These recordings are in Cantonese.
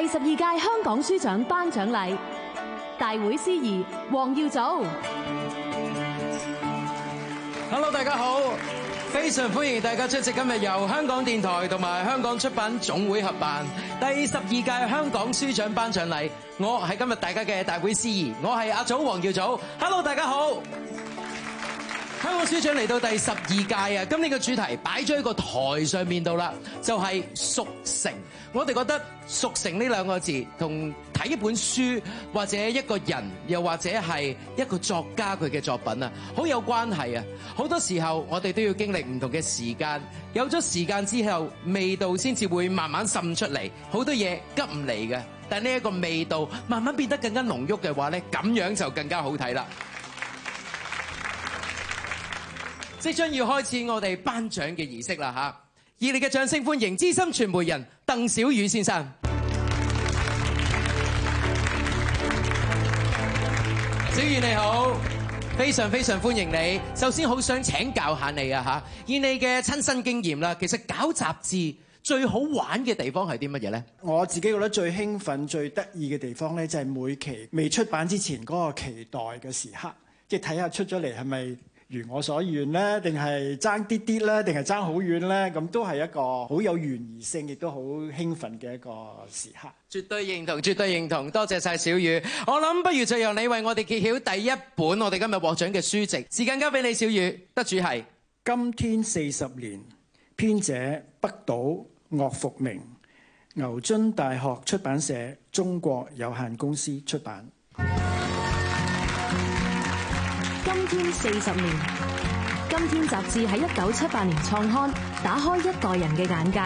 第十二屆香港書獎頒獎禮大會司儀黃耀祖，Hello 大家好，非常歡迎大家出席今日由香港電台同埋香港出版總會合辦第十二屆香港書獎頒獎禮。我係今日大家嘅大會司儀，我係阿祖黃耀祖。Hello 大家好。香港書獎嚟到第十二屆啊！今年嘅主題擺咗喺個台上面度啦，就係熟成。我哋覺得熟成呢兩個字，同睇一本書或者一個人，又或者係一個作家佢嘅作品啊，好有關係啊！好多時候我哋都要經歷唔同嘅時間，有咗時間之後，味道先至會慢慢滲出嚟。好多嘢急唔嚟嘅，但呢一個味道慢慢變得更加濃郁嘅話咧，咁樣就更加好睇啦。即將要開始我哋頒獎嘅儀式啦吓！熱烈嘅掌聲歡迎資深傳媒人鄧小宇先生。小宇你好，非常非常歡迎你。首先好想請教下你啊吓，以你嘅親身經驗啦，其實搞雜誌最好玩嘅地方係啲乜嘢呢？我自己覺得最興奮、最得意嘅地方呢，就係每期未出版之前嗰個期待嘅時刻，即係睇下出咗嚟係咪。如我所願咧，定係爭啲啲咧，定係爭好遠咧？咁都係一個好有懸疑性，亦都好興奮嘅一個時刻。絕對認同，絕對認同。多謝晒小雨。我諗不如就由你為我哋揭曉第一本我哋今日獲獎嘅書籍。時間交俾你，小雨。得主係《今天四十年》，編者北島、岳福明，牛津大學出版社中國有限公司出版。今天四十年，今天雜誌喺一九七八年創刊，打開一代人嘅眼界。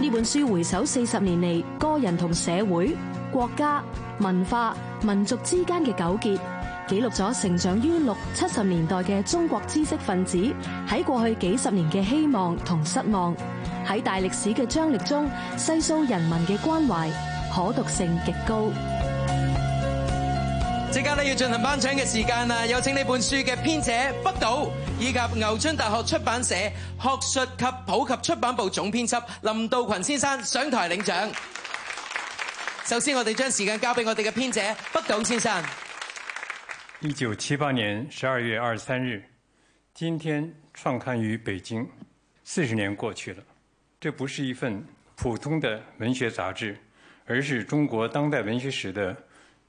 呢本書回首四十年嚟，個人同社會、國家、文化、民族之間嘅糾結，記錄咗成長於六七十年代嘅中國知識分子喺過去幾十年嘅希望同失望，喺大歷史嘅張力中細數人民嘅關懷，可讀性極高。即刻咧，要進行頒獎嘅時間啦，有請呢本書嘅編者北島，以及牛津大學出版社學術及普及出版部總編輯林道群先生上台領獎。首先，我哋將時間交俾我哋嘅編者北島先生。一九七八年十二月二十三日，今天創刊於北京，四十年過去了，這不是一份普通的文學雜誌，而是中國當代文學史的。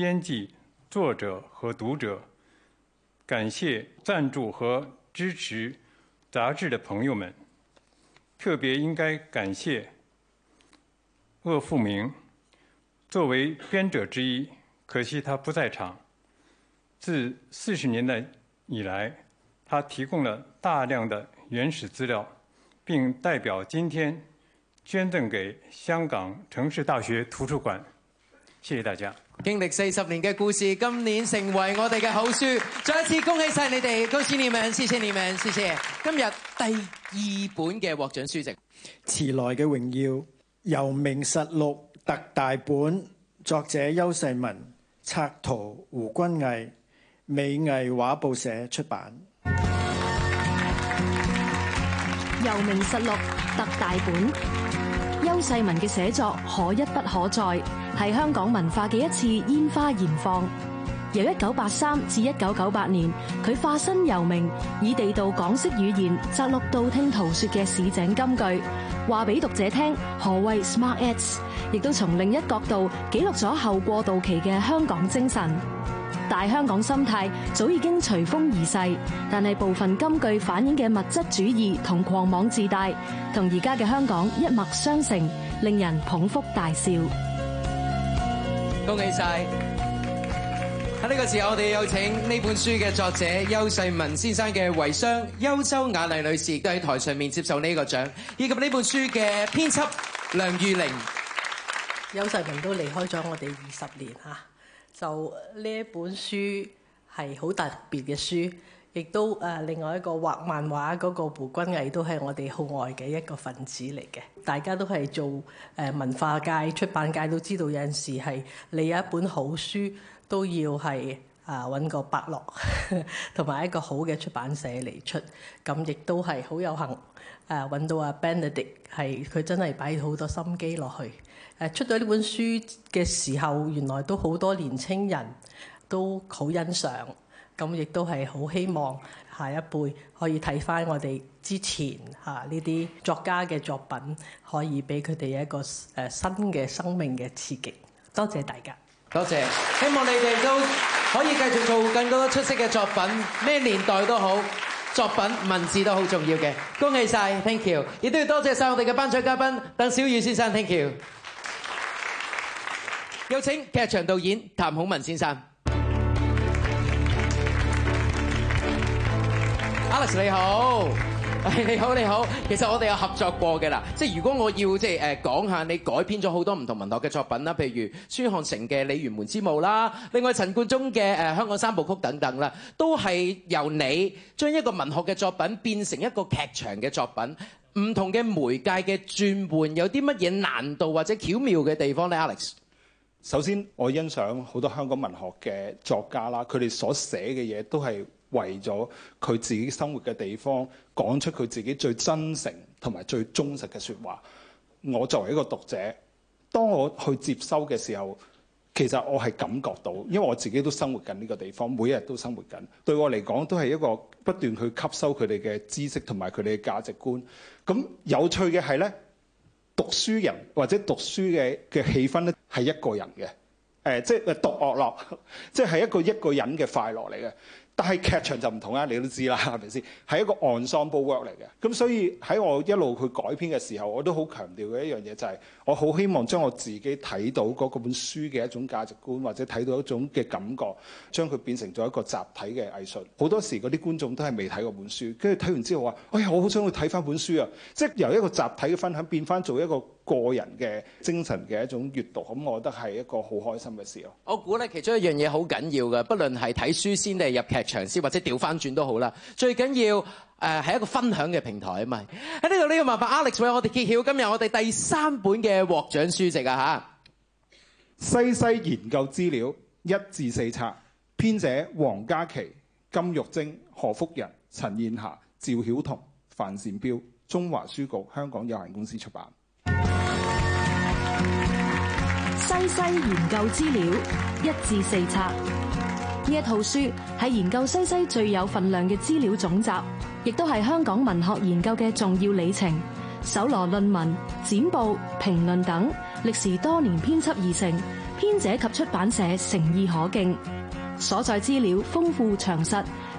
編輯、作者和讀者，感謝贊助和支持雜誌的朋友們。特別應該感謝鄂復明，作為編者之一，可惜他不在場。自四十年代以來，他提供了大量的原始資料，並代表今天捐贈給香港城市大學圖書館。謝謝大家。經歷四十年嘅故事，今年成為我哋嘅好書，再一次恭喜晒你哋，恭喜你哋，多謝你哋，多謝。今日第二本嘅獲獎書籍《遲來嘅榮耀》，尤明實錄特大本，作者邱世文，插圖胡君毅，美藝畫報社出版。尤明實錄特大本。細文嘅寫作可一不可再，係香港文化嘅一次煙花燃放。由一九八三至一九九八年，佢化身尤明，以地道港式語言摘錄道聽途說嘅市井金句，話俾讀者聽何謂 smart ads，亦都從另一角度記錄咗後過渡期嘅香港精神。大香港心態早已經隨風而逝，但係部分金句反映嘅物質主義同狂妄自大，同而家嘅香港一脈相承，令人捧腹大笑。恭喜晒！喺呢個時候，我哋有請呢本書嘅作者邱世文先生嘅遺孀邱周雅麗女士，都喺台上面接受呢個獎，以及呢本書嘅編輯梁玉玲。邱世文都離開咗我哋二十年嚇。就呢一本書係好特別嘅書，亦都誒另外一個畫漫畫嗰個胡君毅都係我哋號外嘅一個分子嚟嘅。大家都係做誒文化界、出版界都知道，有陣時係你有一本好書都要係啊揾個伯樂同埋 一個好嘅出版社嚟出，咁亦都係好有幸誒揾到阿 Benedict 係佢真係擺好多心機落去。誒出咗呢本書嘅時候，原來都好多年青人都好欣賞，咁亦都係好希望下一輩可以睇翻我哋之前吓呢啲作家嘅作品，可以俾佢哋一個誒新嘅生命嘅刺激。多謝大家，多謝，希望你哋都可以繼續做更多出色嘅作品，咩年代都好，作品文字都好重要嘅。恭喜晒，thank you，亦都要多謝晒我哋嘅頒獎嘉賓，鄧小宇先生，thank you。謝謝。有請劇場導演譚孔文先生。 ，Alex 你好， 你好你好。其實我哋有合作過嘅啦，即如果我要即係誒、呃、講下你改編咗好多唔同文學嘅作品啦，譬如孫漢成嘅《李元門之墓》啦，另外陳冠中嘅《香港三部曲》等等啦，都係由你將一個文學嘅作品變成一個劇場嘅作品，唔同嘅媒介嘅轉換有啲乜嘢難度或者巧妙嘅地方咧，Alex？首先，我欣賞好多香港文學嘅作家啦，佢哋所寫嘅嘢都係為咗佢自己生活嘅地方，講出佢自己最真誠同埋最忠實嘅說話。我作為一個讀者，當我去接收嘅時候，其實我係感覺到，因為我自己都生活緊呢個地方，每一日都生活緊，對我嚟講都係一個不斷去吸收佢哋嘅知識同埋佢哋嘅價值觀。咁有趣嘅係呢。讀書人或者讀書嘅嘅氣氛咧，係一個人嘅，誒，即係獨樂樂，即係一個一個人嘅快樂嚟嘅。但係劇場就唔同啊，你都知啦，係咪先？係一個 ensemble work 嚟嘅，咁所以喺我一路去改編嘅時候，我都好強調嘅一樣嘢就係，我好希望將我自己睇到嗰本書嘅一種價值觀，或者睇到一種嘅感覺，將佢變成咗一個集體嘅藝術。好多時嗰啲觀眾都係未睇過本書，跟住睇完之後話，哎呀，我好想去睇翻本書啊！即係由一個集體嘅分享變翻做一個個人嘅精神嘅一種閲讀，咁我覺得係一個好開心嘅事咯。我估咧，其中一樣嘢好緊要嘅，不論係睇書先定係入劇場先，或者調翻轉都好啦。最緊要誒係一個分享嘅平台啊嘛。喺呢度呢個，麻煩，Alex，為我哋揭曉今日我哋第三本嘅獲獎書籍啊嚇，《西西研究資料一至四冊》，編者黃嘉琪、金玉晶、何福仁、陳燕霞、趙曉彤、范善彪，中華書局香港有限公司出版。西西研究資料一至四冊，呢一套書係研究西西最有份量嘅資料總集，亦都係香港文學研究嘅重要里程。搜羅論文、展報、評論等，歷時多年編輯而成，編者及出版社誠意可敬，所在資料豐富詳實。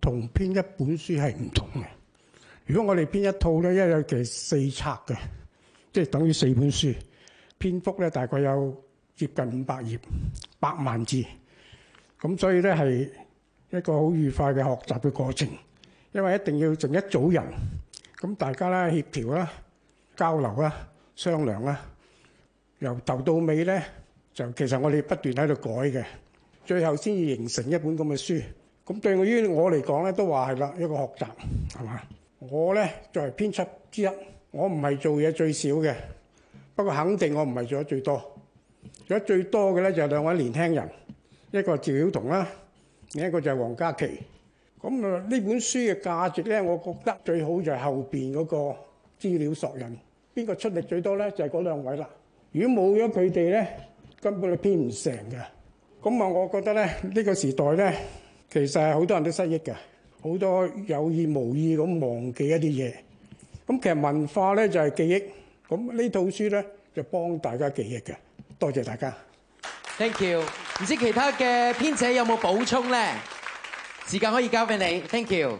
同編一本書係唔同嘅。如果我哋編一套咧，因為其實四冊嘅，即係等於四本書，篇幅咧大概有接近五百頁，百萬字。咁所以咧係一個好愉快嘅學習嘅過程，因為一定要整一組人，咁大家咧協調啦、交流啦、商量啦，由頭到尾咧就其實我哋不斷喺度改嘅，最後先至形成一本咁嘅書。咁對於我嚟講咧，都話係啦，一個學習係嘛？我呢作為編輯之一，我唔係做嘢最少嘅，不過肯定我唔係做咗最多。做咗最多嘅呢，就係兩位年輕人，一個係趙曉彤啦，另一個就係黃嘉琪。咁啊，呢本書嘅價值呢，我覺得最好就係後邊嗰個資料索引。邊個出力最多呢，就係、係、嗰兩位啦。如果冇咗佢哋呢，根本就編唔成嘅。咁啊，我覺得咧呢、呢個時代呢。其實好多人都失憶嘅，好多有意無意咁忘記一啲嘢。咁其實文化呢就係記憶，咁呢套書呢就幫大家記憶嘅。多謝大家。Thank you。唔知其他嘅編者有冇補充呢？時間可以交俾你。Thank you、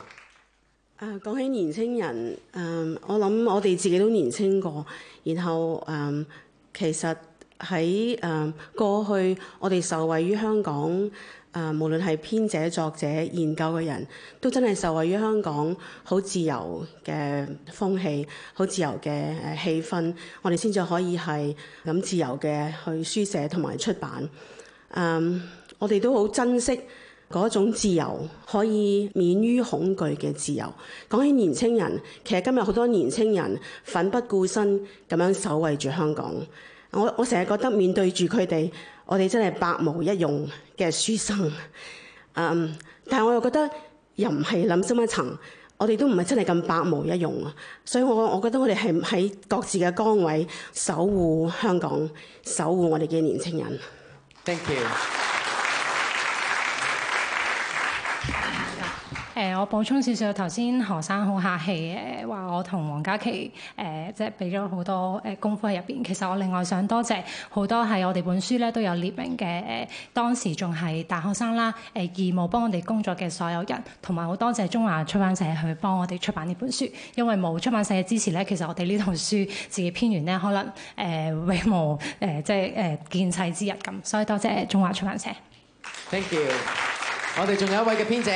啊。講講起年輕人，我諗我哋自己都年輕過，然後、嗯、其實喺過、嗯、過去我哋受惠於香港。啊，無論係編者、作者、研究嘅人，都真係受惠於香港好自由嘅風氣、好自由嘅誒氣氛，我哋先至可以係咁自由嘅去書寫同埋出版。Um，我哋都好珍惜嗰種自由，可以免於恐懼嘅自由。講起年青人，其實今日好多年青人奮不顧身咁樣守衞住香港。我我成日覺得面對住佢哋，我哋真係百無一用嘅書生。嗯，um，但係我又覺得又唔係，諗深一層，我哋都唔係真係咁百無一用。所以我我覺得我哋係喺各自嘅崗位守護香港，守護我哋嘅年輕人。Thank you。誒，我補充少少，頭先何生好客氣誒，話我同黃家琪誒，即係俾咗好多誒功夫喺入邊。其實我另外想多謝好多係我哋本書咧都有列明嘅誒，當時仲係大學生啦誒，義務幫我哋工作嘅所有人，同埋好多謝中華出版社去幫我哋出版呢本書。因為冇出版社嘅支持咧，其實我哋呢套書自己編完咧，可能誒永無誒即係誒見世之日咁。所以多謝中華出版社。Thank you。我哋仲有一位嘅編者。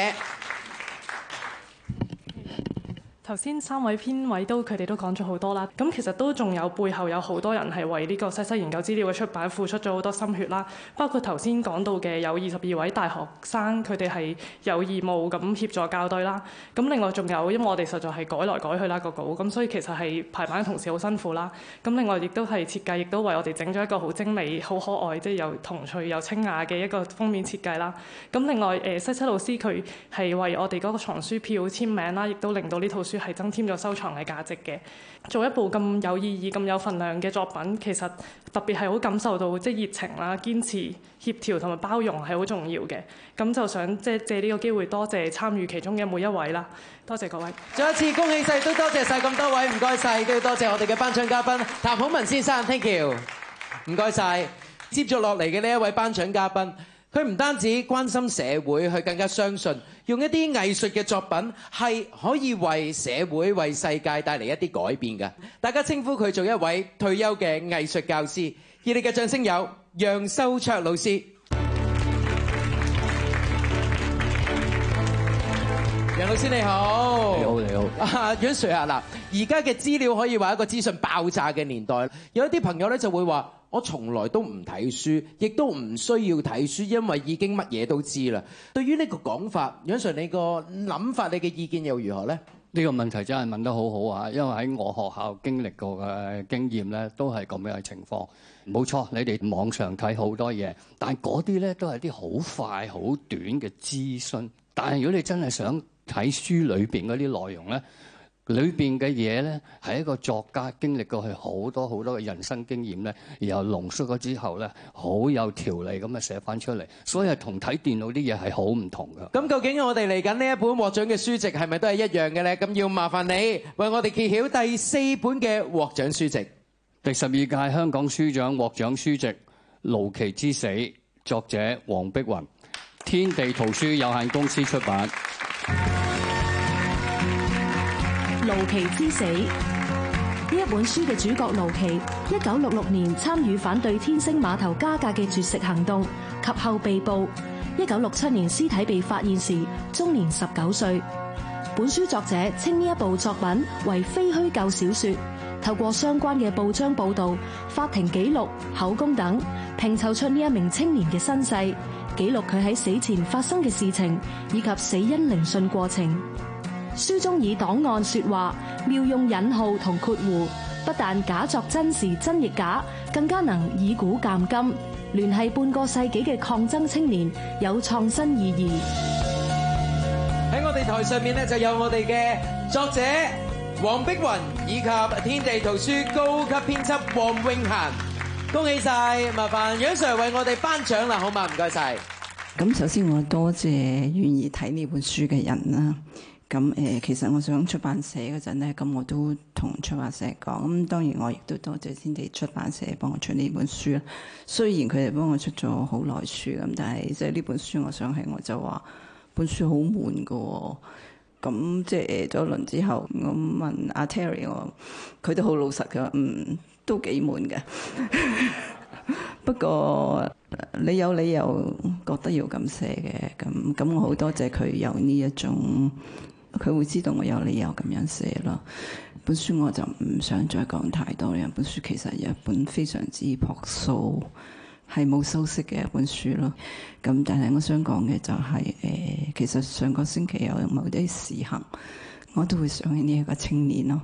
頭先三位編委都佢哋都講咗好多啦，咁其實都仲有背後有好多人係為呢個西西研究資料嘅出版付出咗好多心血啦，包括頭先講到嘅有二十二位大學生佢哋係有義務咁協助校對啦，咁另外仲有因為我哋實在係改來改去啦個稿，咁所以其實係排版嘅同事好辛苦啦，咁另外亦都係設計亦都為我哋整咗一個好精美、好可愛，即係又童趣又清雅嘅一個封面設計啦，咁另外誒西西老師佢係為我哋嗰個藏書票簽名啦，亦都令到呢套，係增添咗收藏嘅價值嘅，做一部咁有意義、咁有份量嘅作品，其實特別係好感受到即係熱情啦、堅持、協調同埋包容係好重要嘅。咁就想即係借呢個機會多謝參與其中嘅每一位啦，多謝各位。再一次恭喜晒！都多謝晒咁多位，唔該晒！都要多謝我哋嘅頒獎嘉賓譚孔文先生，thank you，唔該晒，接住落嚟嘅呢一位頒獎嘉賓。佢唔單止關心社會，佢更加相信用一啲藝術嘅作品係可以為社會、為世界帶嚟一啲改變嘅。大家稱呼佢做一位退休嘅藝術教師。而你嘅掌聲有楊秀卓老師。楊老師你好。你好你好。啊楊 u s 啊，嗱，而家嘅資料可以話一個資訊爆炸嘅年代，有一啲朋友咧就會話。我從來都唔睇書，亦都唔需要睇書，因為已經乜嘢都知啦。對於呢個講法，楊 Sir 你個諗法、你嘅意見又如何呢？呢個問題真係問得好好啊！因為喺我學校經歷過嘅經驗呢，都係咁樣嘅情況。冇錯，你哋網上睇好多嘢，但係嗰啲呢，都係啲好快、好短嘅資訊。但係如果你真係想睇書裏邊嗰啲內容呢。裏邊嘅嘢呢，係一個作家經歷過去好多好多嘅人生經驗呢。然後濃縮咗之後呢，好有條理咁啊寫翻出嚟，所以同睇電腦啲嘢係好唔同噶。咁究竟我哋嚟緊呢一本獲獎嘅書籍係咪都係一樣嘅呢？咁要麻煩你為我哋揭曉第四本嘅獲獎書籍。第十二屆香港書獎獲獎書籍《盧奇之死》，作者黃碧雲，天地圖書有限公司出版。《盧麒之死》呢一本書嘅主角盧麒，一九六六年參與反對天星碼頭加價嘅絕食行動，及後被捕。一九六七年屍體被發現時，終年十九歲。本書作者稱呢一部作品為非虛構小說，透過相關嘅報章報道、法庭記錄、口供等，拼湊出呢一名青年嘅身世，記錄佢喺死前發生嘅事情以及死因聆訊過程。書中以檔案說話，妙用引號同括弧，不但假作真時真亦假，更加能以古鑒今，聯繫半個世紀嘅抗爭青年，有創新意義。喺我哋台上面呢，就有我哋嘅作者黃碧雲，以及天地圖書高級編輯黃永嫻，恭喜晒！麻煩楊 Sir 為我哋頒獎啦，好嘛？唔該晒。咁首先我多謝願意睇呢本書嘅人啦。咁誒，其實我想出版社嗰陣咧，咁我都同出版社講。咁當然我亦都多謝天地出版社幫我出呢本書啦。雖然佢哋幫我出咗好耐書咁，但係即係呢本書，我想起我就話本書好悶噶。咁即係咗多一輪之後，我問阿 Terry，佢都好老實，佢話嗯，都幾悶嘅。 不過你有理由覺得要咁寫嘅，咁咁我好多謝佢有呢一種。佢會知道我有理由咁樣寫咯。本書我就唔想再講太多啦。本書其實有一本非常之樸素，係冇修飾嘅一本書咯。咁但係我想講嘅就係誒，其實上個星期有某啲事行，我都會想起呢一個青年咯。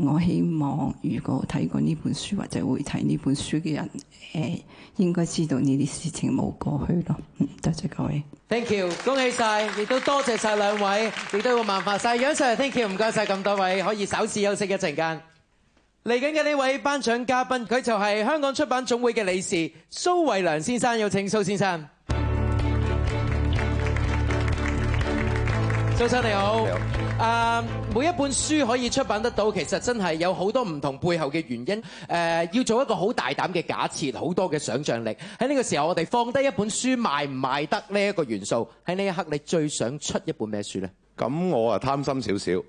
我希望如果睇過呢本書或者會睇呢本書嘅人，誒應該知道呢啲事情冇過去咯。多謝，謝各位，Thank you，恭喜晒，亦都多謝晒兩位，亦都要萬華晒。楊 Sir，Thank you，唔該晒咁多位，可以稍事休息一陣間。嚟緊嘅呢位頒獎嘉賓，佢就係香港出版總會嘅理事蘇慧良先生，有請蘇先生。周生你好，你好 uh, 每一本書可以出版得到，其實真係有好多唔同背後嘅原因。Uh, 要做一個好大膽嘅假設，好多嘅想像力喺呢個時候，我哋放低一本書賣唔賣得呢一個元素喺呢一刻，你最想出一本咩書呢？咁我啊貪心少少，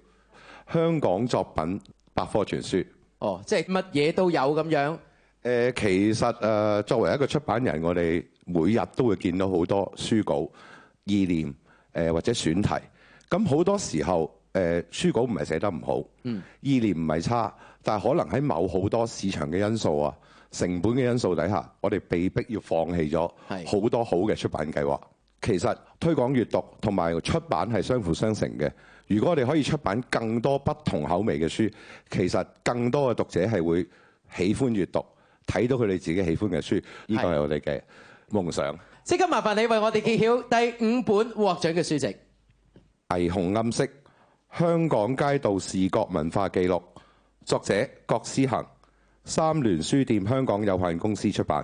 香港作品百科全書哦，uh, 即係乜嘢都有咁樣。Uh, 其實、uh, 作為一個出版人，我哋每日都會見到好多書稿意念、uh, 或者選題。咁好多時候，誒書稿唔係寫得唔好，意念唔係差，但可能喺某好多市場嘅因素啊、成本嘅因素底下，我哋被迫要放棄咗好多好嘅出版計劃。其實推廣閱讀同埋出版係相輔相成嘅。如果我哋可以出版更多不同口味嘅書，其實更多嘅讀者係會喜歡閱讀，睇到佢哋自己喜歡嘅書，呢個係我哋嘅夢想。即刻麻煩你為我哋揭曉第五本獲獎嘅書籍。霓虹暗色，香港街道視覺文化記錄，作者郭思恆，三聯書店香港有限公司出版。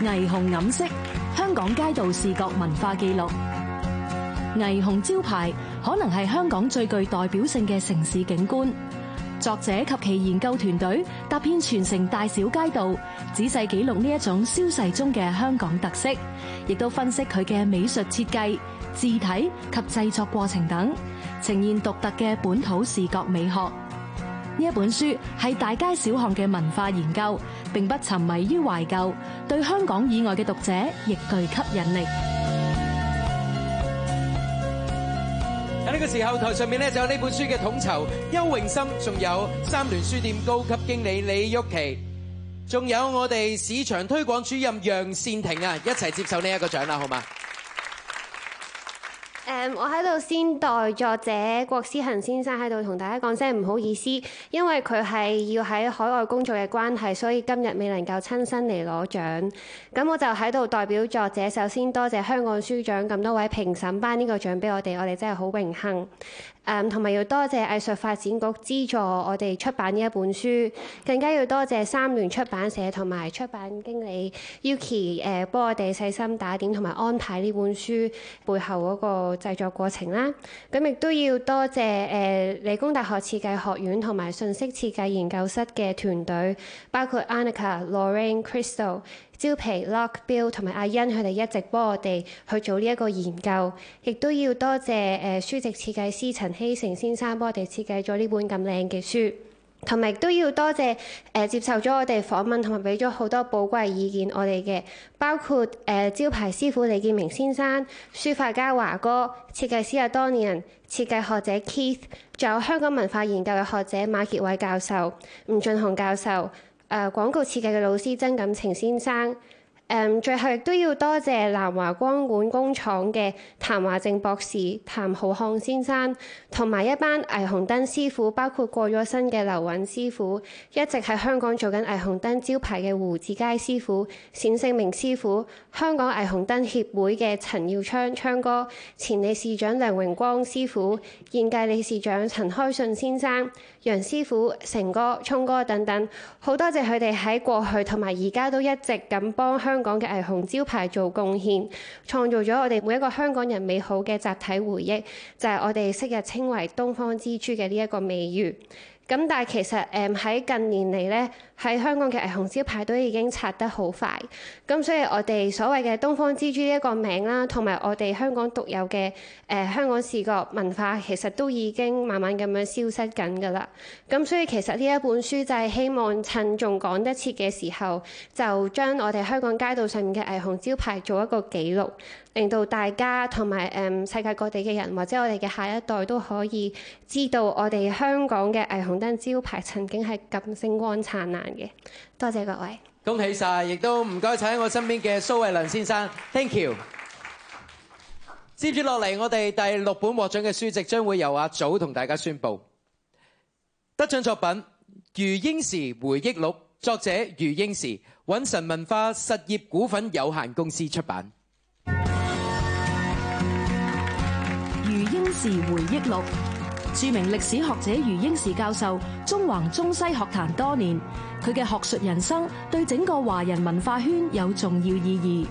霓虹暗色，香港街道視覺文化記錄。霓虹招牌可能係香港最具代表性嘅城市景觀。作者及其研究團隊踏遍全城大小街道，仔細記錄呢一種消逝中嘅香港特色，亦都分析佢嘅美術設計、字體及製作過程等，呈現獨特嘅本土視覺美學。呢一本書係大街小巷嘅文化研究，並不沉迷於懷舊，對香港以外嘅讀者亦具吸引力。.呢、個時候台上面咧就有呢本書嘅統籌邱榮森，仲有三聯書店高級經理李玉琪，仲有我哋市場推廣主任楊善庭啊，一齊接受呢一個獎啦，好嗎？我喺度先代作者郭思恒先生喺度同大家講聲唔好意思，因為佢係要喺海外工作嘅關係，所以今日未能夠親身嚟攞獎，咁我就喺度代表作者，首先多謝香港書獎咁多位評審頒呢個獎俾我哋，我哋真係好榮幸。誒同埋要多謝藝術發展局資助我哋出版呢一本書，更加要多謝三聯出版社同埋出版經理 Yuki 誒幫我哋細心打點同埋安排呢本書背後嗰個製作過程啦。咁亦都要多謝誒理工大學設計學院同埋信息設計研究室嘅團隊，包括 Anika、Lorraine、Crystal。招牌 Lock Bill 同埋阿欣佢哋一直幫我哋去做呢一個研究，亦都要多謝誒書籍設計師陳希成先生幫我哋設計咗呢本咁靚嘅書，同埋亦都要多謝誒接受咗我哋訪問同埋俾咗好多寶貴意見，我哋嘅，包括誒招牌師傅李建明先生、書法家華哥、設計師阿當年人、設計學者 Keith，仲有香港文化研究嘅學者馬傑偉教授、吳俊雄教授。誒廣告設計嘅老師曾錦程先生，誒最後亦都要多謝南華光管工廠嘅譚華正博士、譚浩漢先生，同埋一班霓虹燈師傅，包括過咗身嘅劉韻師傅，一直喺香港做緊霓虹燈招牌嘅胡志佳師傅、冼勝明師傅，香港霓虹燈協會嘅陳耀昌昌哥，前理事長梁榮光師傅，現屆理事長陳開信先生。楊師傅、成哥、聰哥等等，好多謝佢哋喺過去同埋而家都一直咁幫香港嘅霓虹招牌做貢獻，創造咗我哋每一個香港人美好嘅集體回憶，就係我哋昔日稱為東方之珠嘅呢一個美譽。咁但係其實誒喺近年嚟呢。喺香港嘅霓虹招牌都已經拆得好快，咁所以我哋所謂嘅東方之珠呢一個名啦，同埋我哋香港獨有嘅誒香港視覺文化，其實都已經慢慢咁樣消失緊噶啦。咁所以其實呢一本書就係希望趁仲講得切嘅時候，就將我哋香港街道上面嘅霓虹招牌做一個記錄，令到大家同埋誒世界各地嘅人，或者我哋嘅下一代都可以知道我哋香港嘅霓虹燈招牌曾經係咁星光燦爛。多謝各位，恭喜晒！亦都唔該，請我身邊嘅蘇惠良先生，Thank you。接住落嚟，我哋第六本獲獎嘅書籍，將會由阿祖同大家宣布。得獎作品《余英時回憶錄》，作者余英時，允晨文化實業股份有限公司出版，《余英時回憶錄》。著名歷史學者余英時教授，縱橫中西學壇多年，佢嘅學術人生對整個華人文化圈有重要意義。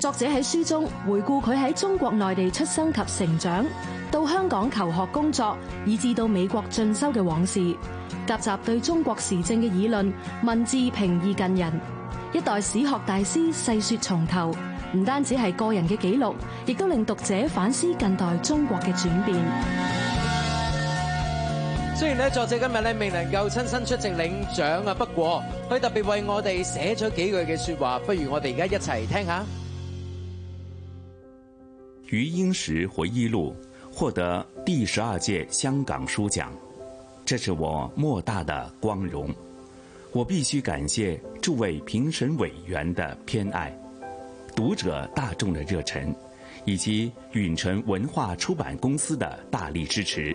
作者喺書中回顧佢喺中國內地出生及成長，到香港求學工作，以至到美國進修嘅往事，夾雜對中國時政嘅議論，文字平易近人。一代史學大師細說從頭，唔單止係個人嘅紀錄，亦都令讀者反思近代中國嘅轉變。雖然呢，作者今日呢，未能夠親身出席領獎啊，不過佢特別為我哋寫咗幾句嘅說話，不如我哋而家一齊聽下。《余英時回憶錄》獲得第十二屆香港書獎，這是我莫大的光榮。我必須感謝諸位評審委員的偏愛、讀者大眾的熱忱，以及允晨文化出版公司的大力支持。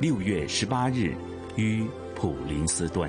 六月十八日，於普林斯頓。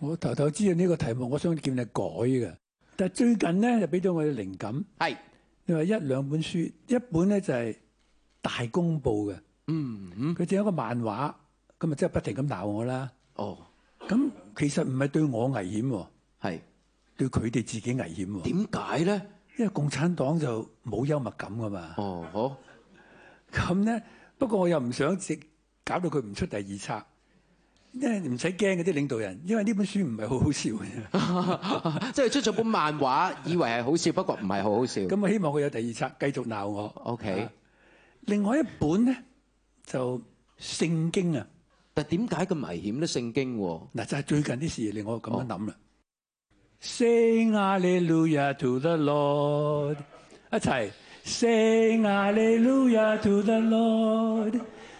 我頭頭知道呢個題目，我想叫你改嘅。但係最近咧就俾咗我啲靈感。係，你話一兩本書，一本咧就係大公報嘅。嗯嗯，佢整一個漫畫，咁咪即係不停咁鬧我啦。哦，咁其實唔係對我危險，係對佢哋自己危險。點解咧？因為共產黨就冇幽默感㗎嘛。哦，好。咁咧，不過我又唔想直搞到佢唔出第二冊。唔使驚嗰啲領導人，因為呢本書唔係好好笑嘅， 即係出咗本漫畫， 以為係好笑，不過唔係好好笑。咁我希望佢有第二冊繼續鬧我。OK，啊、另外一本咧就聖經啊，但點解咁危險咧？聖經嗱、啊啊、就係、是、最近啲事令我咁樣諗啦。Oh. Sing Hallelujah to the Lord，一齊 Sing Hallelujah to the Lord。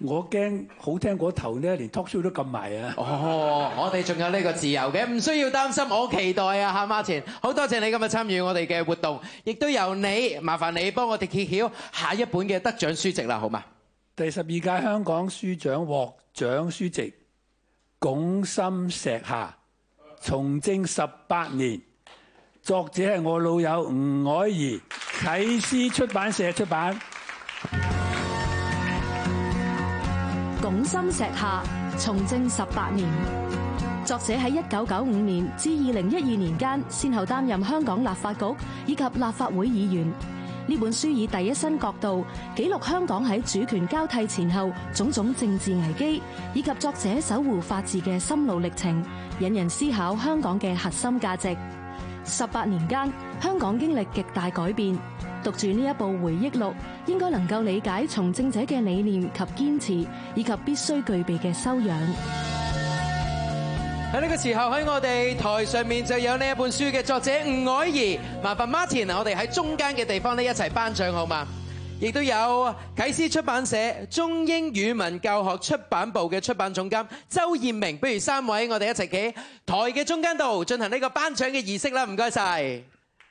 我驚好聽嗰頭呢，連 talk show 都咁埋啊！哦， 我哋仲有呢個自由嘅，唔需要擔心。我好期待啊，喊媽前，好多謝你今日參與我哋嘅活動，亦都由你麻煩你幫我哋揭曉下一本嘅得獎書籍啦，好嘛？第十二屆香港書獎獲獎書籍《拱心石下：從政十八年》，作者係我老友吳靄儀，啟思出版社出版。《拱心石下》從政十八年，作者喺一九九五年至二零一二年間，先後擔任香港立法局以及立法會議員。呢本書以第一身角度，紀錄香港喺主權交替前後種種政治危機，以及作者守護法治嘅心路歷程，引人思考香港嘅核心價值。十八年間，香港經歷極大改變。讀住呢一部回憶錄，應該能夠理解從政者嘅理念及堅持，以及必須具備嘅修養。喺呢個時候，喺我哋台上面就有呢一本書嘅作者吳靄儀，麻煩 Martin，我哋喺中間嘅地方呢一齊頒獎好嘛？亦都有啟思出版社中英語文教學出版部嘅出版總監周艷明，不如三位我哋一齊企喺台嘅中間度進行呢個頒獎嘅儀式啦，唔該晒。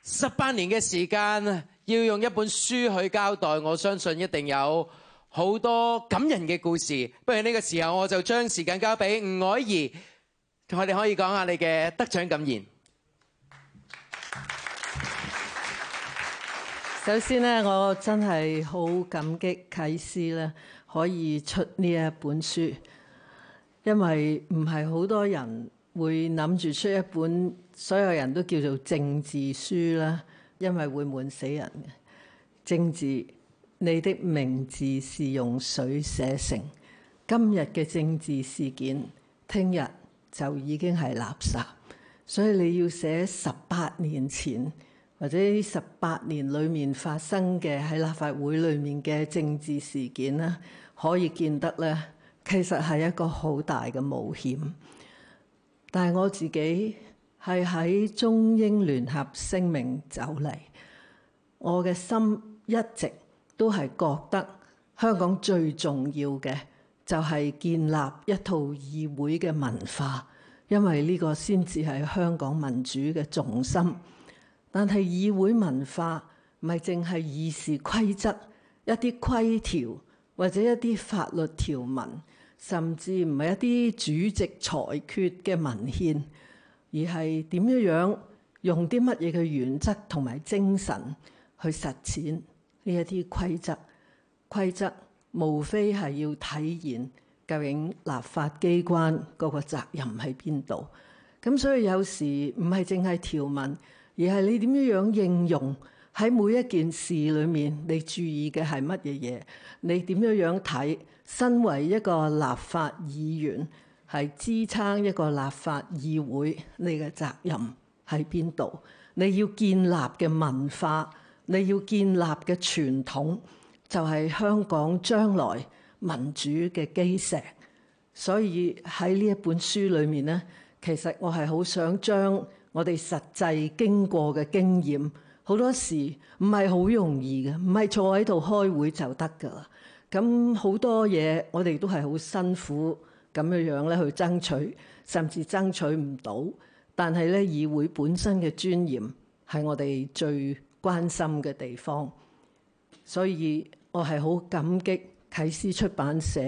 十八年嘅時間。要用一本書去交代，我相信一定有好多感人嘅故事。不如呢個時候我將時，我就將時間交俾吳靄儀，我哋可以講下你嘅得獎感言。首先呢，我真係好感激啟思咧，可以出呢一本書，因為唔係好多人會諗住出一本所有人都叫做政治書啦。因為會悶死人嘅政治，你的名字是用水寫成。今日嘅政治事件，聽日就已經係垃圾。所以你要寫十八年前，或者十八年裡面發生嘅喺立法會裡面嘅政治事件啦，可以見得咧，其實係一個好大嘅冒險。但係我自己。係喺中英聯合聲明走嚟，我嘅心一直都係覺得香港最重要嘅就係建立一套議會嘅文化，因為呢個先至係香港民主嘅重心。但係議會文化咪淨係議事規則、一啲規條或者一啲法律條文，甚至唔係一啲主席裁決嘅文獻。而係點樣樣用啲乜嘢嘅原則同埋精神去實踐呢一啲規則？規則無非係要體現究竟立法機關嗰個責任喺邊度？咁所以有時唔係淨係條文，而係你點樣樣應用喺每一件事裡面，你注意嘅係乜嘢嘢？你點樣樣睇？身為一個立法議員。係支撐一個立法議會，你嘅責任喺邊度？你要建立嘅文化，你要建立嘅傳統，就係香港將來民主嘅基石。所以喺呢一本書裏面呢，其實我係好想將我哋實際經過嘅經驗，好多時唔係好容易嘅，唔係坐喺度開會就得噶啦。咁好多嘢，我哋都係好辛苦。咁樣樣咧，去爭取，甚至爭取唔到。但係咧，議會本身嘅尊嚴係我哋最關心嘅地方。所以我係好感激啟思出版社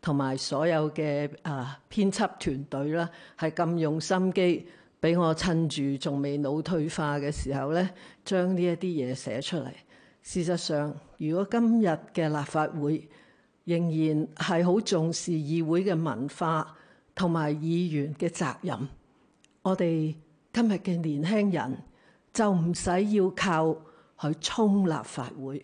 同埋所有嘅啊編輯團隊啦，係咁用心機，俾我趁住仲未腦退化嘅時候咧，將呢一啲嘢寫出嚟。事實上，如果今日嘅立法會仍然係好重視議會嘅文化同埋議員嘅責任。我哋今日嘅年輕人就唔使要靠去衝立法會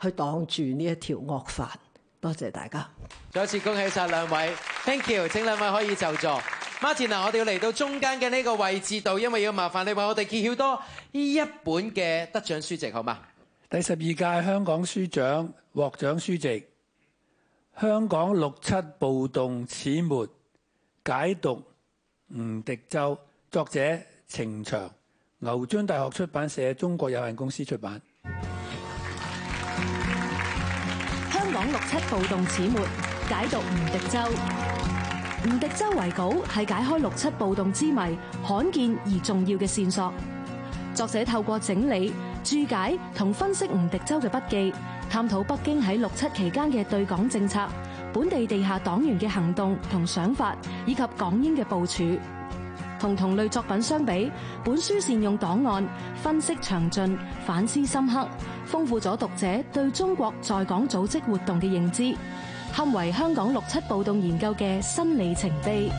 去擋住呢一條惡法。多謝大家，再一次恭喜晒兩位，Thank you。請兩位可以就座。Martin 啊，我哋要嚟到中間嘅呢個位置度，因為要麻煩你為我哋揭曉多呢一本嘅得獎書籍，好嗎？第十二屆香港書獎獲獎書籍。香港六七暴動始末，解讀吳荻舟。作者程翔，牛津大學出版社中國有限公司出版。香港六七暴動始末，解讀吳荻舟。吳荻舟遺稿係解開六七暴動之謎，罕見而重要嘅線索。作者透過整理、注解同分析吳荻舟嘅筆記。探討北京喺六七期間嘅對港政策、本地地下黨員嘅行動同想法，以及港英嘅部署。同同類作品相比，本書善用檔案，分析詳盡，反思深刻，豐富咗讀者對中國在港組織活動嘅認知，堪為香港六七暴動研究嘅新里程碑。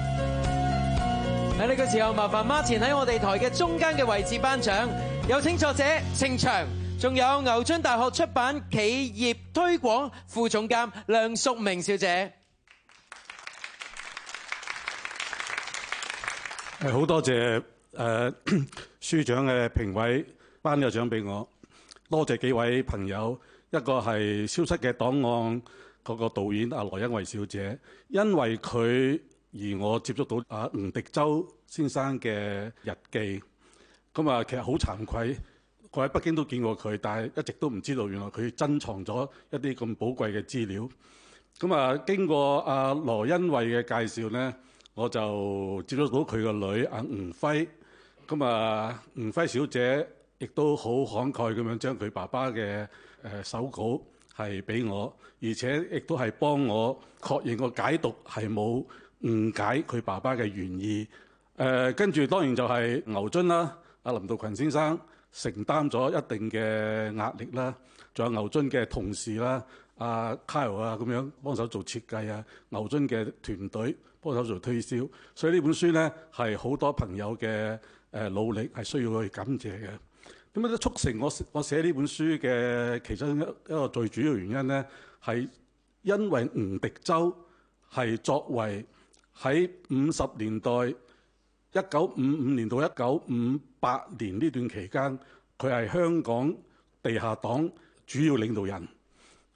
喺呢個時候，麻煩 Martin 喺我哋台嘅中間嘅位置頒獎，有請作者程翔。仲有牛津大學出版企業推廣副總監梁淑明小姐，係好多謝誒書獎嘅評委頒呢個獎俾我，多謝幾位朋友，一個係消失嘅檔案嗰個導演阿羅恩惠小姐，因為佢而我接觸到阿吳荻舟先生嘅日記，咁啊其實好慚愧。佢喺北京都見過佢，但係一直都唔知道，原來佢珍藏咗一啲咁寶貴嘅資料。咁啊，經過阿羅恩惠嘅介紹呢，我就接觸到佢個女阿吳輝。咁啊，吳輝小姐亦都好慷慨咁樣將佢爸爸嘅誒手稿係俾我，而且亦都係幫我確認個解讀係冇誤解佢爸爸嘅原意。誒，跟住當然就係牛津啦，阿林道群先生。承擔咗一定嘅壓力啦，仲有牛津嘅同事啦，阿 Kyle 啊咁樣幫手做設計啊，牛津嘅團隊幫手做推銷，所以呢本書呢係好多朋友嘅誒努力係需要去感謝嘅。咁啊，促成我我寫呢本書嘅其中一一個最主要原因呢，係因為吳荻舟係作為喺五十年代。一九五五年到一九五八年呢段期間，佢係香港地下黨主要領導人。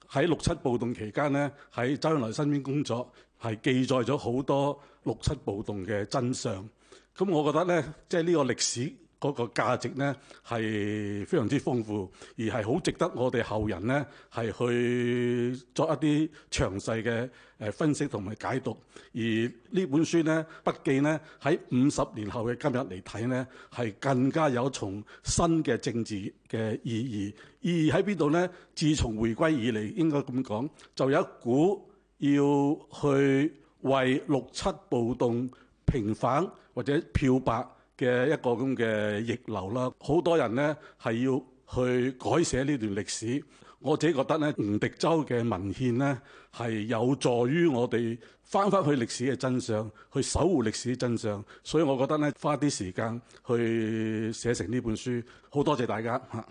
喺六七暴動期間，呢喺周恩來身邊工作，係記載咗好多六七暴動嘅真相。咁我覺得，呢即係呢個歷史。嗰個價值呢，係非常之豐富，而係好值得我哋後人呢係去作一啲詳細嘅誒分析同埋解讀。而呢本書呢，筆記呢，喺五十年後嘅今日嚟睇呢，係更加有從新嘅政治嘅意義。意義喺邊度呢？自從回歸以嚟，應該咁講，就有一股要去為六七暴動平反或者漂白。嘅一個咁嘅逆流啦，好多人呢係要去改寫呢段歷史。我自己覺得呢，吳荻舟嘅文獻呢係有助於我哋翻返去歷史嘅真相，去守護歷史真相。所以我覺得呢，花啲時間去寫成呢本書，好多謝大家嚇。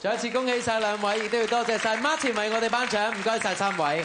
再一次恭喜晒兩位，亦都要多謝晒 Martin 為我哋頒獎，唔該晒三位。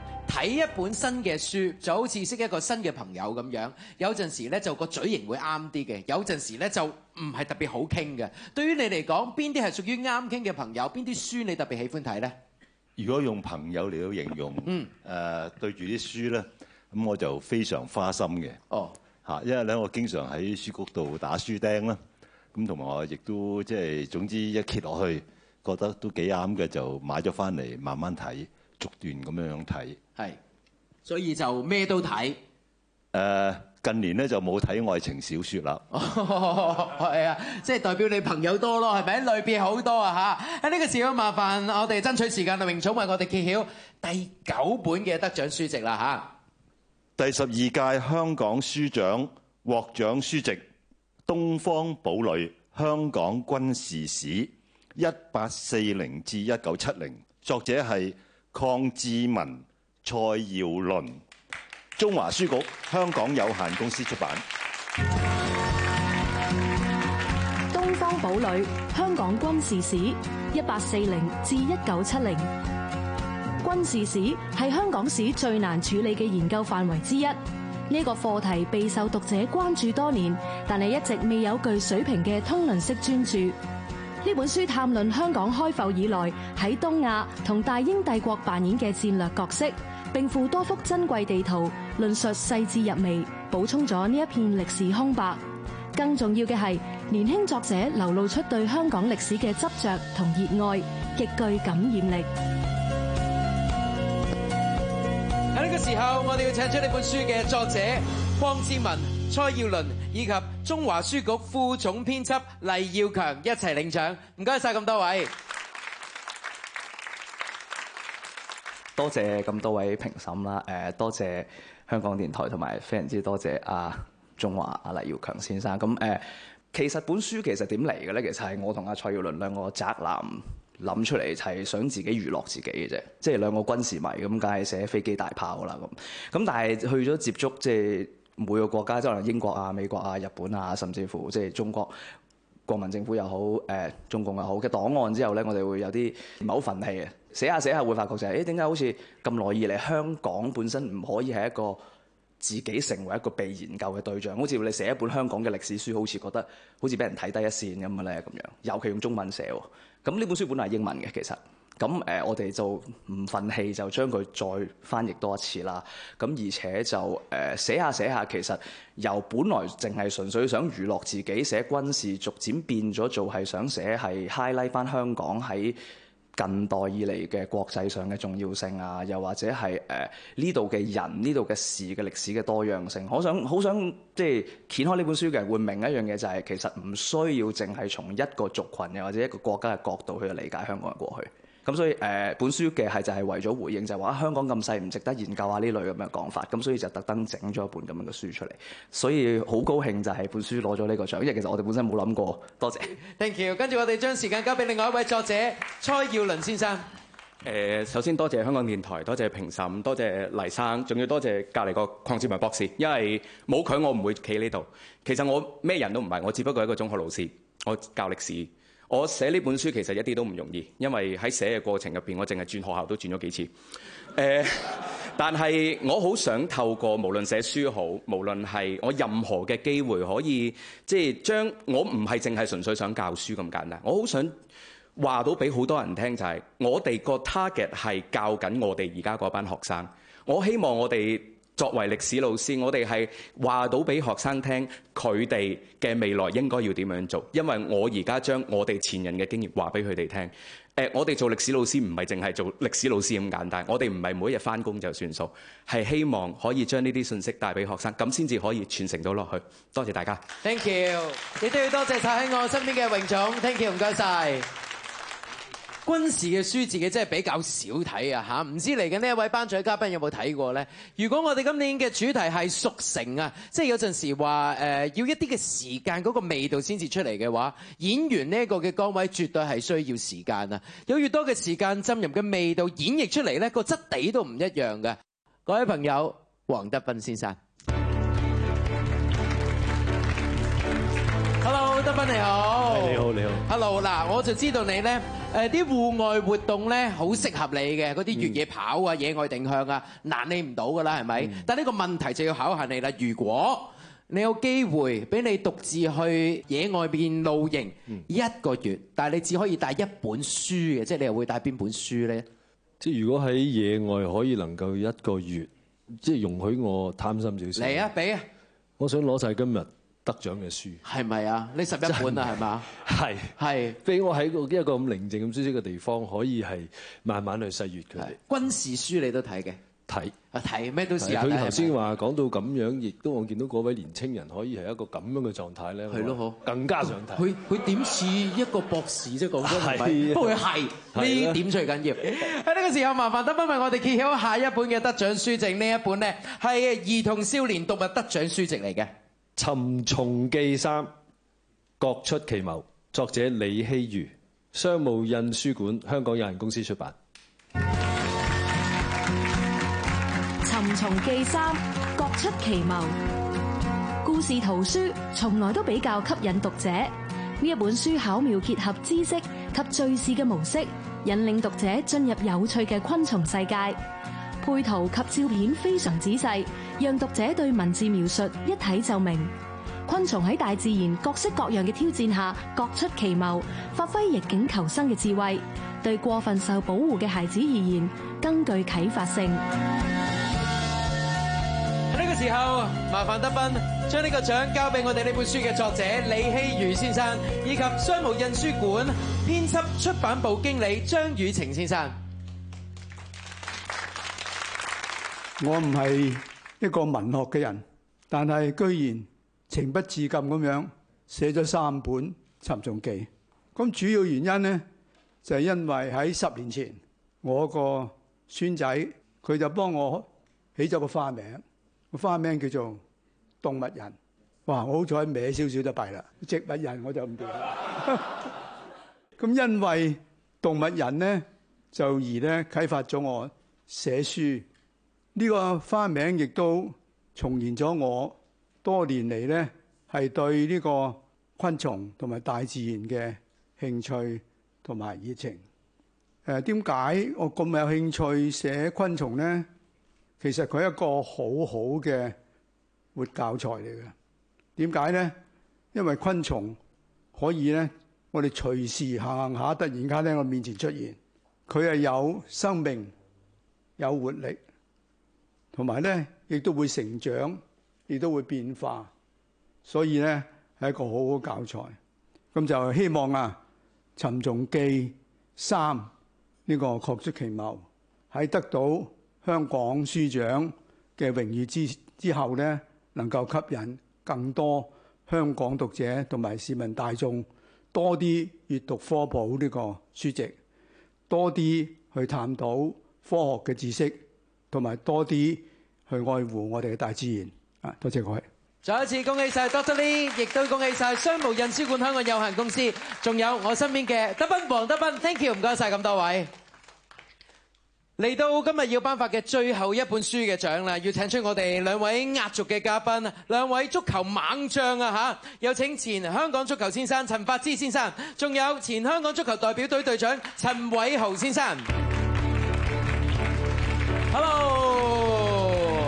睇一本新嘅書就好似識一個新嘅朋友咁樣，有陣時呢，就個嘴型會啱啲嘅，有陣時呢，就唔係特別好傾嘅。對於你嚟講，邊啲係屬於啱傾嘅朋友？邊啲書你特別喜歡睇呢？如果用朋友嚟到形容，嗯，誒、呃、對住啲書呢，咁我就非常花心嘅。哦，嚇，因為呢，我經常喺書局度打書釘啦，咁同埋我亦都即係總之一揭落去，覺得都幾啱嘅，就買咗翻嚟慢慢睇。逐段咁樣睇，係，所以就咩都睇、呃。誒近年呢，就冇睇愛情小説啦、哦。係啊，即、就、係、係、代表你朋友多咯，係咪類別好多啊？嚇，喺呢個時候麻煩我哋爭取時間，就榮請為我哋揭曉第九本嘅得獎書籍啦。嚇，第十二屆香港書獎獲獎書籍《東方堡壘：香港軍事史 （1840 至 1970）》，作者係，鄺志文、蔡耀倫，中華書局香港有限公司出版《東方堡壘：香港軍事史一八四零至一九七零軍事史係香港史最難處理嘅研究範圍之一，呢、這個課題備受讀者關注多年，但係一直未有具水平嘅通論式專注。呢本書探論香港開埠以來喺東亞同大英帝國扮演嘅戰略角色，並附多幅珍貴地圖，論述細緻入微，補充咗呢一片歷史空白。更重要嘅係，年輕作者流露出對香港歷史嘅執着同熱愛，極具感染力。喺呢個時候，我哋要請出呢本書嘅作者方志文。蔡耀倫以及中華書局副總編輯黎耀強一齊領獎，唔該晒咁多位，多謝咁多位評審啦。誒，多謝香港電台同埋非常之多謝啊，中華阿黎耀強先生。咁誒，其實本書其實點嚟嘅咧？其實係我同阿蔡耀倫兩個宅男諗出嚟，就係想自己娛樂自己嘅啫。即係兩個軍事迷咁，梗係寫飛機大炮啦咁。咁但係去咗接觸即係。就是每個國家，即係英國啊、美國啊、日本啊，甚至乎即係中國國民政府又好，誒、呃、中共又好嘅檔案之後呢，我哋會有啲唔係好憤氣啊。寫下寫下會發覺就係誒點解好似咁耐以嚟香港本身唔可以係一個自己成為一個被研究嘅對象，好似你寫一本香港嘅歷史書，好似覺得好似俾人睇低一線咁嘅呢。咁樣。尤其用中文寫喎，咁呢本書本嚟係英文嘅其實。咁我哋就唔忿氣，就將佢再翻譯多一次啦。咁而且就寫下寫下，其實由本來淨係純粹想娛樂自己寫軍事，逐漸變咗做係想寫係 highlight 翻香港喺近代以嚟嘅國際上嘅重要性啊，又或者係呢度嘅人呢度嘅事嘅歷史嘅多樣性。好想好想即係揭開呢本書嘅人會明一樣嘢，就係，就係其實唔需要淨係從一個族群又或者一個國家嘅角度去理解香港嘅過去。咁所以誒、呃，本書嘅係就係為咗回應就，就係話香港咁細唔值得研究下呢類咁嘅講法。咁所以就特登整咗一本咁樣嘅書出嚟。所以好高興就係本書攞咗呢個獎，因為其實我哋本身冇諗過。多謝。Thank you。跟住我哋將時間交俾另外一位作者蔡耀倫先生。誒、呃，首先多謝，謝香港電台，多謝，謝評審，多謝，謝黎生，仲要多謝隔籬個鄺志文博士，因為冇佢我唔會企呢度。其實我咩人都唔係，我只不過係一個中學老師，我教歷史。我寫呢本書其實一啲都唔容易，因為喺寫嘅過程入邊，我淨係轉學校都轉咗幾次。呃，但係我好想透過無論寫書好，無論係我任何嘅機會，可以即係將我唔係淨係純粹想教書咁簡單。我好想話到俾好多人聽，就係，就係我哋個 target 係教緊我哋而家嗰班學生。我希望我哋。作為歷史老師，我哋係話到俾學生聽，佢哋嘅未來應該要點樣做，因為我而家將我哋前人嘅經驗話俾佢哋聽。誒，我哋做歷史老師唔係淨係做歷史老師咁簡單，我哋唔係每日翻工就算數，係希望可以將呢啲信息帶俾學生，咁先至可以傳承到落去。多謝大家，Thank you，你都要多謝晒喺我身邊嘅榮總，Thank you，唔該晒！軍事嘅書自己真係比較少睇啊，吓，唔知嚟緊呢一位頒獎嘉賓有冇睇過呢？如果我哋今年嘅主題係熟成啊，即係有陣時話誒、呃、要一啲嘅時間嗰、嗰個味道先至出嚟嘅話，演員呢個嘅崗位絕對係需要時間啊！有越多嘅時間浸入嘅味道，演繹出嚟呢、個質地都唔一樣嘅。各位朋友，黃德斌先生，Hello，德斌你好，你好你好，Hello，嗱我就知道你呢。誒啲戶外活動呢，好適合你嘅嗰啲越野跑啊、嗯、野外定向啊，難你唔到噶啦，係咪？嗯、但呢個問題就要考下你啦。如果你有機會俾你獨自去野外邊露營一個月，嗯、但係你只可以帶一本書嘅，即係你又會帶邊本書呢？即係如果喺野外可以能夠一個月，即係容許我貪心少少。嚟啊，俾啊！我想攞晒今日。得獎嘅書係咪啊？呢十一本啊，係嘛？係係，俾我喺一個咁寧靜、咁舒適嘅地方，可以係慢慢去細閱佢軍事書，你都睇嘅睇啊，睇咩都試下。佢頭先話講到咁樣，亦都我見到嗰位年青人可以係一個咁樣嘅狀態咧，係咯，嗬，更加想睇佢佢點似一個博士啫？講真唔係，不過係呢點最緊要喺呢個時候，麻煩得不為我哋揭曉下一本嘅得獎書籍呢一本咧，係兒童少年讀物得獎書籍嚟嘅。《尋蟲記三：各出奇謀》，作者李希如，商務印書館香港有限公司出版。《尋蟲記三：各出奇謀》，故事圖書從來都比較吸引讀者，呢一本書巧妙結合知識及敘事嘅模式，引領讀者進入有趣嘅昆蟲世界。配圖及照片非常仔細，讓讀者對文字描述一睇就明。昆蟲喺大自然各式各樣嘅挑戰下，各出奇謀，發揮逆境求生嘅智慧。對過分受保護嘅孩子而言，更具啟發性。呢個時候，麻煩德斌將呢個獎交俾我哋呢本書嘅作者李希瑜先生，以及商務印書館編輯出版部經理張雨晴先生。我唔係一個文學嘅人，但係居然情不自禁咁樣寫咗三本《尋蟲記》。咁主要原因咧就係因為喺十年前，我個孫仔佢就幫我起咗個花名，個花名叫做動物人。哇！我好彩歪少少就弊啦，植物人我就唔掂啦。咁因為動物人咧就而咧啟發咗我寫書。呢個花名亦都重現咗我多年嚟呢，係對呢個昆蟲同埋大自然嘅興趣同埋熱情。誒點解我咁有興趣寫昆蟲呢？其實佢係一個好好嘅活教材嚟嘅。點解呢？因為昆蟲可以呢，我哋隨時行行下，突然間喺我面前出現，佢係有生命、有活力。同埋咧，亦都會成長，亦都會變化，所以咧係一個好好教材。咁就希望啊，《尋蟲記三》呢個《確出其謀》，喺得到香港書獎嘅榮譽之之後咧，能夠吸引更多香港讀者同埋市民大眾多啲閱讀科普呢個書籍，多啲去探討科學嘅知識。同埋多啲去愛護我哋嘅大自然啊！多謝各位。再一次恭喜晒 Dr. Lee，亦都恭喜晒商務印書館香港有限公司，仲有我身邊嘅德斌黃德斌，Thank you，唔該晒咁多位。嚟到今日要頒發嘅最後一本書嘅獎啦，要請出我哋兩位壓軸嘅嘉賓，兩位足球猛將啊吓，有請前香港足球先生陳發枝先生，仲有前香港足球代表隊隊長陳偉豪先生。Hello，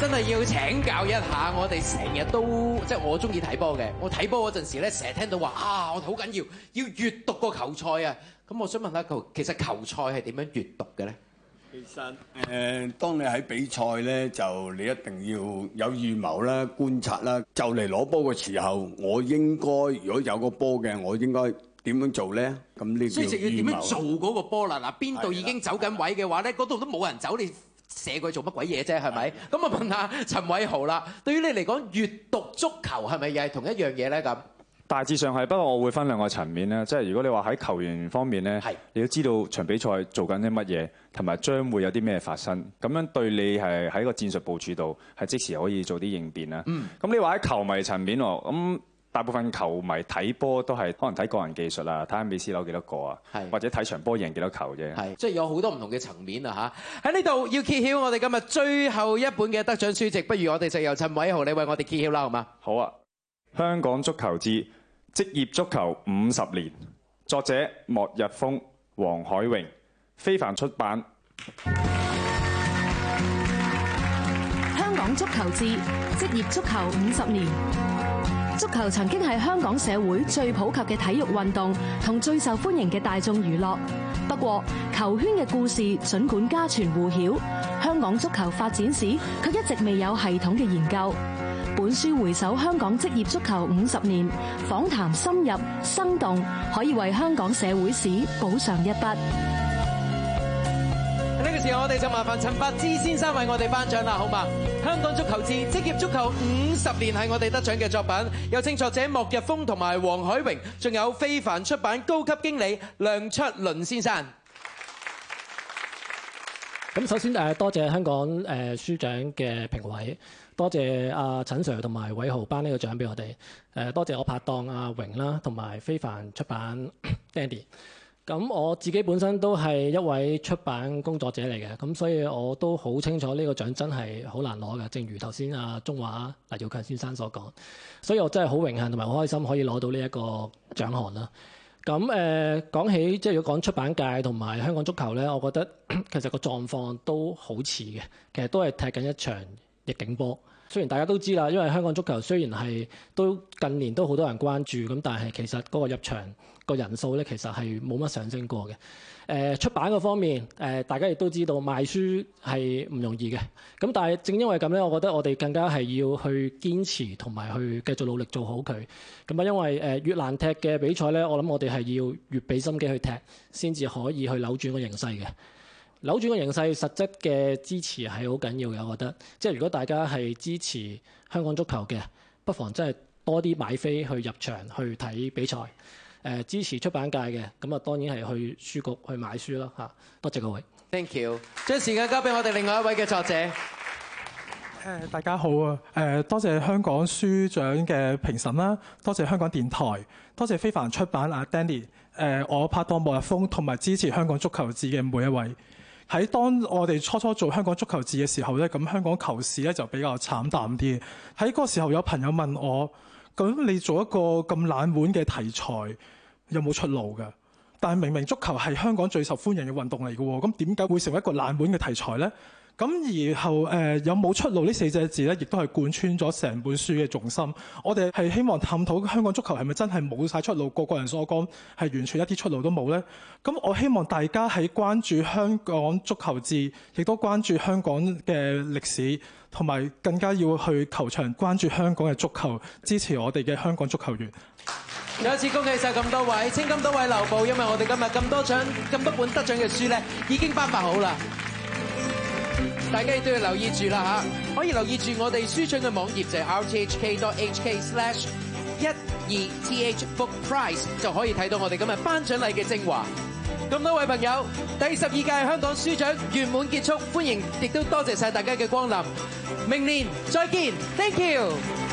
真係要請教一下我哋成日都，即係我中意睇波嘅，我睇波嗰陣時咧，成日聽到話啊，我好緊要要閲讀個球賽啊。咁我想問下球，其實球賽係點樣閲讀嘅咧？其實誒，當你喺比賽咧，就你一定要有預謀啦、觀察啦。就嚟攞波嘅時候，我應該如果有個波嘅，我應該。點樣做呢？咁呢個需要點樣做嗰個波啦？嗱，邊度已經走緊位嘅話呢，嗰度都冇人走，你射佢做乜鬼嘢啫？係咪？咁啊問下陳偉豪啦。對於你嚟講，閲讀足球係咪又係同一樣嘢呢？咁大致上係，不過我會分兩個層面啦。即係如果你話喺球員方面呢，你要知道場比賽做緊啲乜嘢，同埋將會有啲咩發生，咁樣對你係喺個戰術部署度係即時可以做啲應變啦。咁、嗯、你話喺球迷層面喎，咁、嗯。大部分球迷睇波都係可能睇個人技術啊，睇下美斯柳幾多個啊，或者睇場波贏幾多球啫。即係、就是、有好多唔同嘅層面啊！嚇，喺呢度要揭曉我哋今日最後一本嘅得獎書籍，不如我哋就由陳偉豪你為我哋揭曉啦，好嗎？好啊，《香港足球誌：職業足球五十年》，作者莫日峰、黃海榮，非凡出版。《香港足球誌：職業足球五十年》。足球曾經係香港社會最普及嘅體育運動，同最受歡迎嘅大眾娛樂。不過，球圈嘅故事盡管家傳戶曉，香港足球發展史卻一直未有系統嘅研究。本書回首香港職業足球五十年，訪談深入生動，可以為香港社會史補上一筆。嘅、那個、時我哋就麻煩陳發枝先生為我哋頒獎啦，好嘛？《香港足球誌》職業足球五十年係我哋得獎嘅作品，有請作者莫日峰同埋黃海榮，仲有非凡出版高級經理梁卓倫先生。咁首先誒，多謝香港誒書獎嘅評委，多謝阿陳 Sir 同埋偉豪頒呢個獎俾我哋。誒，多謝我拍檔阿榮啦，同埋非凡出版 Dandy。咁我自己本身都係一位出版工作者嚟嘅，咁所以我都好清楚呢個獎真係好難攞嘅。正如頭先啊中華黎耀強先生所講，所以我真係好榮幸同埋好開心可以攞到呢一個獎項啦。咁誒、呃、講起即係如果講出版界同埋香港足球咧，我覺得其實個狀況都好似嘅，其實都係踢緊一場逆境波。雖然大家都知啦，因為香港足球雖然係都近年都好多人關注咁，但係其實嗰個入場個人數咧，其實係冇乜上升過嘅。誒、呃、出版個方面，誒、呃、大家亦都知道賣書係唔容易嘅。咁但係，正因為咁咧，我覺得我哋更加係要去堅持同埋去繼續努力做好佢。咁啊，因為誒越難踢嘅比賽咧，我諗我哋係要越俾心機去踢，先至可以去扭轉個形勢嘅。扭轉個形勢，實質嘅支持係好緊要嘅。我覺得即係如果大家係支持香港足球嘅，不妨真係多啲買飛去入場去睇比賽。支持出版界嘅，咁啊當然係去書局去買書啦。多謝各位。Thank you。將時間交俾我哋另外一位嘅作者、呃。大家好啊、呃。多謝香港書獎嘅評審啦，多謝香港電台，多謝非凡出版阿 Danny、呃。我拍檔莫日峰同埋支持香港足球誌嘅每一位。喺當我哋初初做香港足球誌嘅時候咧，咁香港球市咧就比較慘淡啲。喺嗰個時候有朋友問我，咁你做一個咁冷門嘅題材，有冇出路嘅？但明明足球係香港最受歡迎嘅運動嚟嘅喎，咁點解會成為一個冷門嘅題材呢？咁而後誒、呃、有冇出路呢四隻字呢，亦都係貫穿咗成本書嘅重心。我哋係希望探討香港足球係咪真係冇晒出路？個個人所講係完全一啲出路都冇呢。咁我希望大家喺關注香港足球誌，亦都關注香港嘅歷史，同埋更加要去球場關注香港嘅足球，支持我哋嘅香港足球員。再一次恭喜曬咁多位，請咁多位留步，因為我哋今日咁多獎、咁多本得獎嘅書咧，已經頒發好啦。大家亦都要留意住啦嚇，可以留意住我哋書獎嘅網頁，就係 rthk.hk/slash 12thbookprize，就可以睇到我哋今日頒獎禮嘅精華。咁多位朋友，第十二屆香港書獎圓滿結束，歡迎亦都多謝曬大家嘅光臨，明年再見，Thank you。謝謝。